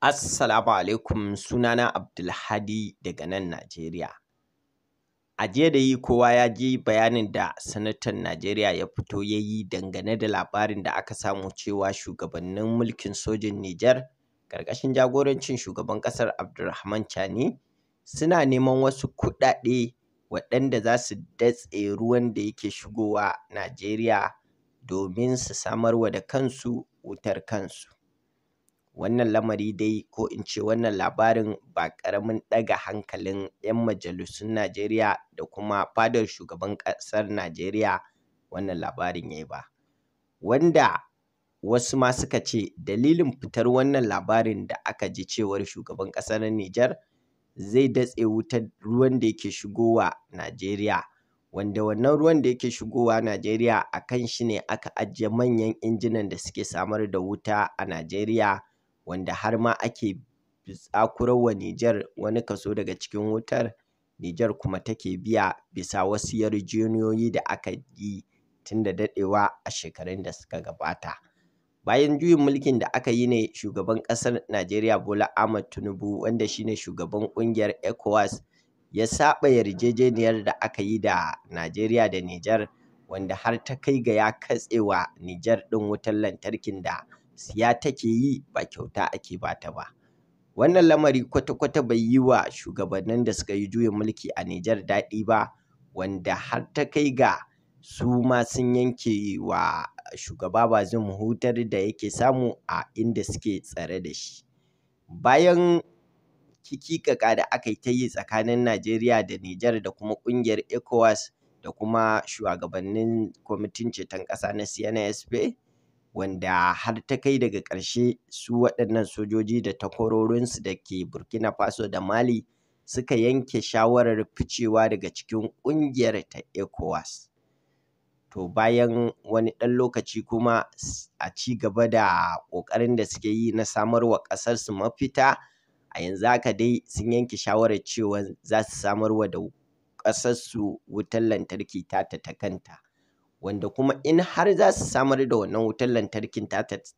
Assalamu alaikum sunana Abdulhadi daga nan Najeriya. A jiya da yi kowa ya ji bayanin da sanatan Najeriya ya fito ya yi dangane da labarin da aka samu cewa shugabannin mulkin sojin Nijar ƙarƙashin jagorancin shugaban ƙasar Abdulrahman Chani suna neman wasu kuɗaɗe waɗanda za su datse ruwan da yake shigowa Najeriya domin su samarwa da kansu wutar kansu. wannan lamari dai ko in ce wannan labarin ba ƙaramin ɗaga hankalin 'yan majalisun Najeriya da kuma fadar shugaban ƙasar Najeriya wannan labarin ya yi ba. Wanda wasu ma suka ce dalilin fitar wannan labarin da aka ji cewar shugaban ƙasar Nijar zai datse wutar ruwan da yake shigowa Najeriya. wanda wannan ruwan da yake shigowa Najeriya a kan shi ne aka ajiye manyan injinan da suke samar da wuta a Najeriya wanda har ma ake tsakurar wa Nijar wani kaso daga cikin wutar Nijar kuma take biya bisa wasu yarjejeniyoyi da aka yi tun da daɗewa a shekarun da suka gabata. Bayan juyin mulkin da aka yi ne shugaban ƙasar Najeriya Bola Ahmed Tinubu wanda shine shugaban ƙungiyar ECOWAS ya saɓa yarjejeniyar da aka yi da Najeriya da Nijar wanda har ta kai ga ya katsewa wa Nijar ɗin wutar lantarkin da siya take yi ba kyauta ake bata ba wannan lamari kwata-kwata bai yi wa shugabannin da suka yi juyin mulki a Nijar daɗi ba wanda har ta kai ga su ma sun yanke wa shugaba Bazum hutar da yake samu a inda suke tsare da shi bayan kikikaka da aka yi ta yi tsakanin Najeriya da Nijar da kuma ƙungiyar ECOWAS da kuma shugabannin kwamitin ceton ƙasa na CNSP wanda har ta kai daga ƙarshe su waɗannan sojoji da takwarorinsu da ke burkina faso da mali suka yanke shawarar ficewa daga cikin ƙungiyar ta ecowas to bayan wani ɗan lokaci kuma a ci gaba da ƙoƙarin da suke yi na samar wa ƙasarsu mafita a yanzu haka dai sun yanke shawarar cewa za su samar wa da ƙasarsu wutar lantarki ta ta kanta wanda kuma in har za su samar da wannan wutar lantarkin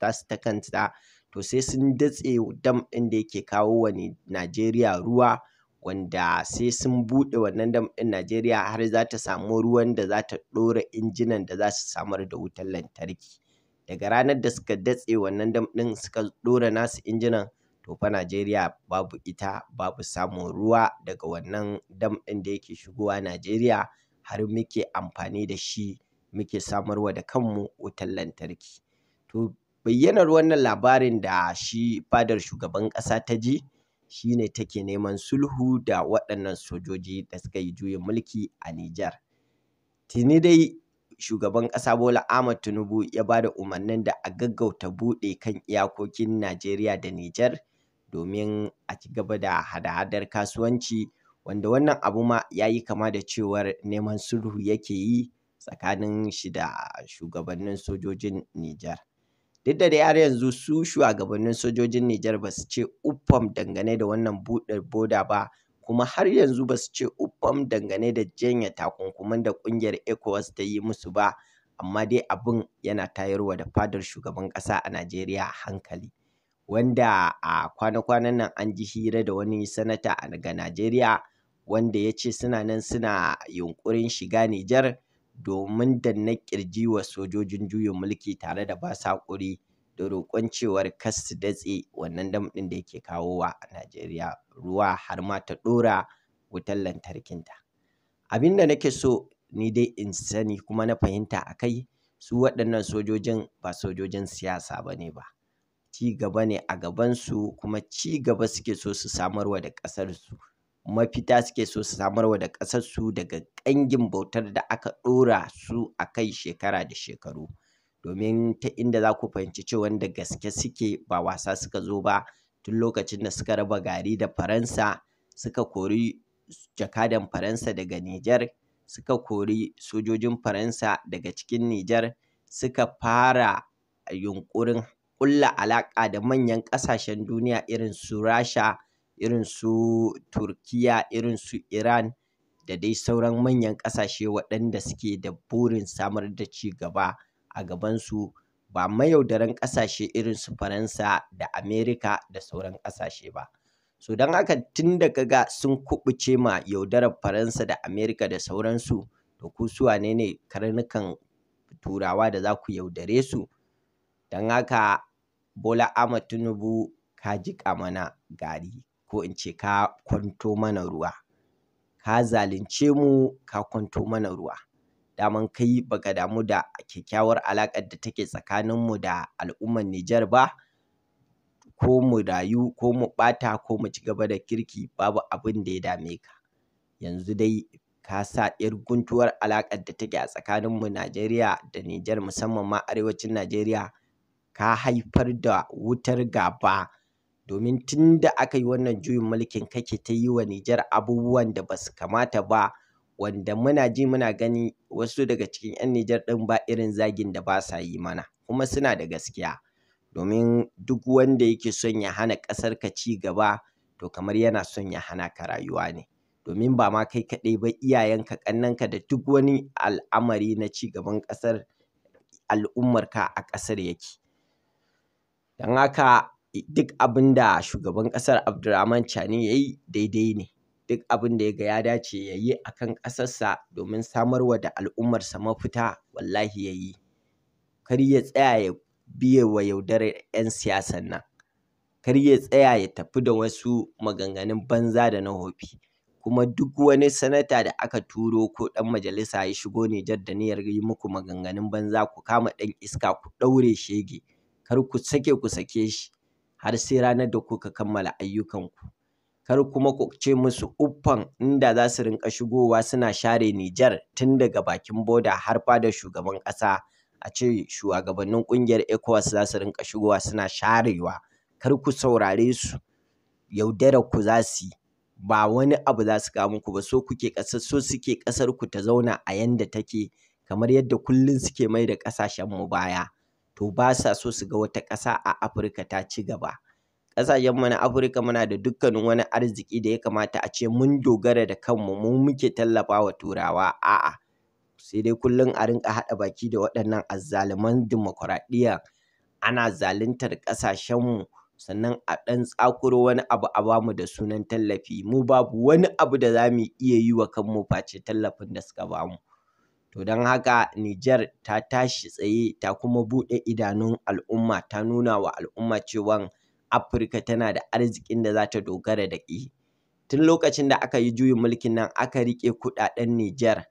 ta su ta kanta to sai sun datse dam ɗin da yake kawo wa Najeriya ruwa wanda sai sun buɗe wannan dam ɗin Najeriya har za ta samu ruwan da za ta ɗora injinan da za su samar da wutar lantarki daga ranar da suka datse wannan dam ɗin suka ɗora nasu injinan to fa Najeriya babu ita babu samun ruwa daga wannan dam ɗin da yake shigowa Najeriya har muke amfani da shi muke samarwa da kanmu wutar lantarki. To bayyanar wannan labarin da shi fadar shugaban ƙasa ta ji shi ne take neman sulhu da waɗannan sojoji da suka yi juyin mulki a Nijar. Tuni dai shugaban ƙasa Bola Ahmed Tinubu ya ba da umarnin da a gaggauta buɗe kan iyakokin Najeriya da Nijar domin a ci gaba da hada-hadar kasuwanci wanda wannan abu ma ya yi kama da cewar neman sulhu yake yi tsakanin shi da shugabannin sojojin Nijar. Duk da dai har yanzu su shugabannin sojojin Nijar ba su ce uffam dangane da wannan buɗe boda ba kuma har yanzu ba su ce uffam dangane da janye takunkuman da ƙungiyar ECOWAS ta yi musu ba amma dai abin yana tayarwa da fadar shugaban ƙasa a Najeriya hankali. Wanda a kwana-kwanan nan an ji hira da wani sanata daga Najeriya wanda ya ce suna nan suna yunƙurin shiga Nijar domin da na ƙirji wa sojojin juyin mulki tare da ba su haƙuri da roƙon cewar kar su datse wannan dam ɗin da yake kawo wa Najeriya ruwa har ma ta ɗora wutar lantarkinta. Abin da nake so ni dai in sani kuma na fahimta a kai su waɗannan sojojin ba sojojin siyasa ba ne ba. Ci gaba ne a gabansu kuma ci gaba suke so su samarwa da ƙasarsu. mafita suke so su samarwa da ƙasarsu daga ƙangin bautar da aka ɗora su a kai shekara da shekaru domin ta inda za ku fahimci cewa da gaske suke ba wasa suka zo ba tun lokacin da suka raba gari da faransa suka kori jakadan faransa daga nijar suka kori sojojin faransa daga cikin nijar suka fara yunkurin ƙulla alaƙa da manyan ƙasashen duniya irin su rasha irin su Turkiya, irin su Iran da dai sauran manyan ƙasashe waɗanda suke da burin samar da ci gaba a gabansu ba mayaudaran ƙasashe irin su Faransa da Amerika da sauran ƙasashe ba. So don haka tun da kaga sun kubuce ma yaudarar Faransa da Amerika da sauransu to ku su wane ne karnukan turawa da za ku yaudare su don haka Bola Ahmad Tinubu ka jiƙa mana gari. ko in ce ka kwanto mana ruwa ka zalunce mu ka kwanto mana ruwa daman kai baka damu da kyakkyawar alaƙar da take tsakanin mu da al'ummar Nijar ba ko mu rayu ko mu ɓata ko mu ci gaba da kirki babu abin da ya dame ka yanzu dai ka sa ƴar guntuwar alaƙar da take a tsakanin mu Najeriya da Nijar musamman ma arewacin Najeriya ka haifar da wutar gaba domin tun da aka yi wannan juyin mulkin kake ta yi wa Nijar abubuwan da ba su kamata ba wanda muna ji muna gani wasu daga cikin 'yan Nijar ɗin ba irin zagin da ba sa yi mana kuma suna da gaskiya domin duk wanda yake son ya hana ƙasar ka ci gaba to kamar yana son ya hana ka rayuwa ne domin ba ma kai kaɗai ba iyayenka ƙannanka da duk wani al'amari na cigaban ƙasar al'ummarka a ƙasar yake don haka duk abin da shugaban ƙasar Abdulrahman Chani ya yi daidai ne. Duk abin da ya ga ya dace ya yi a kan ƙasarsa domin samarwa da al'ummarsa mafita wallahi ya yi. Kar ya tsaya ya biye wa yaudarar 'yan siyasan nan. Kar ya tsaya ya tafi da wasu maganganun banza da na hofi. Kuma duk wani sanata da aka turo ko ɗan majalisa ya shigo Nijar da niyyar yi muku maganganun banza ku kama ɗan iska ku ɗaure shege. Kar ku sake ku sake shi. har sai ranar da kuka kammala ayyukanku kar kuma ku ce musu uffan inda za su rinƙa shigowa suna share Nijar tun daga bakin boda har fadar shugaban ƙasa a ce shugabannin ƙungiyar ECOWAS za su rinƙa shigowa suna sharewa kar ku saurare su yaudarar ku za su yi ba wani abu za su kawo muku ba so kuke ƙasar so suke ƙasar ku ta zauna a yanda take kamar yadda kullun suke mai da ƙasashen mu baya to ba sa so su ga wata ƙasa a Afirka ta ci gaba. Ƙasashenmu na Afirka muna da dukkanin wani arziki da ya kamata a ce mun dogara da kanmu mu muke tallafa wa Turawa a'a sai dai kullum a rinƙa haɗa baki da waɗannan azzaluman dimokuraɗiyya ana zaluntar ƙasashenmu sannan a ɗan tsakuro wani abu a bamu da sunan tallafi mu babu wani abu da za mu iya yi wa kanmu face tallafin da suka bamu to don haka Nijar ta tashi tsaye ta kuma buɗe idanun al'umma ta nuna wa al'umma cewan Afirka tana da arzikin da za ta dogara da shi tun lokacin da aka yi juyin mulkin nan aka riƙe kuɗaɗen Nijar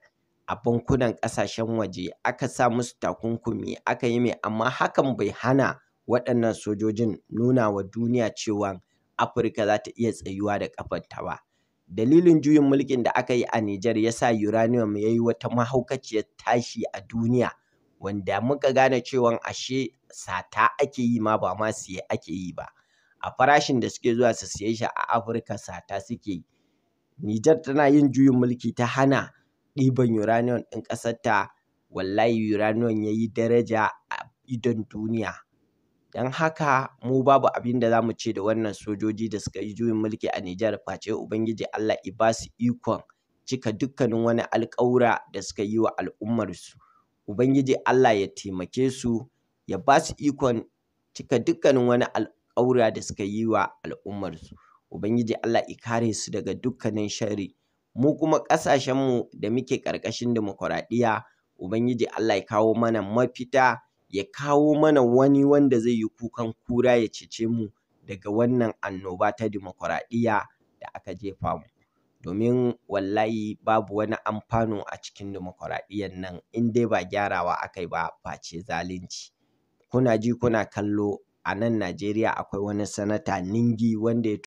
a bankunan ƙasashen waje aka sa musu takunkumi aka yi mai amma hakan bai hana waɗannan sojojin nuna wa duniya cewa Afirka za ta iya tsayuwa da ƙafarta ba. dalilin juyin mulkin da aka yi a Nijar ya sa uranium ya yi wata mahaukaciyar tashi a duniya wanda muka gane cewa ashe sata ake yi ma ba ma siye ake yi ba a farashin da suke zuwa su siye shi a Afirka sata suke yi Nijar tana yin juyin mulki ta hana ɗiban uranium ɗin ƙasarta wallahi uranium ya yi daraja a idon duniya don haka mu babu abin da za mu ce da wannan sojoji da suka yi juyin mulki a Nijar face Ubangiji Allah i ba su ikon cika dukkanin wani alƙawura da suka yi wa al'ummarsu Ubangiji Allah ya taimake su ya ba su ikon cika dukkanin wani alƙawura da suka yi wa al'ummarsu Ubangiji Allah i kare su daga dukkanin shari mu kuma ƙasashenmu da muke ƙarƙashin dimokuraɗiyya Ubangiji Allah ya kawo mana mafita ya kawo mana wani wanda zai yi kukan kura ya cece mu daga wannan annoba ta dimokuraɗiyya da aka jefa mu domin wallahi babu wani amfano a cikin dimokuraɗiyyar nan in dai ba gyarawa aka yi ba face zalunci kuna ji kuna kallo a nan Najeriya akwai wani sanata Ningi wanda ya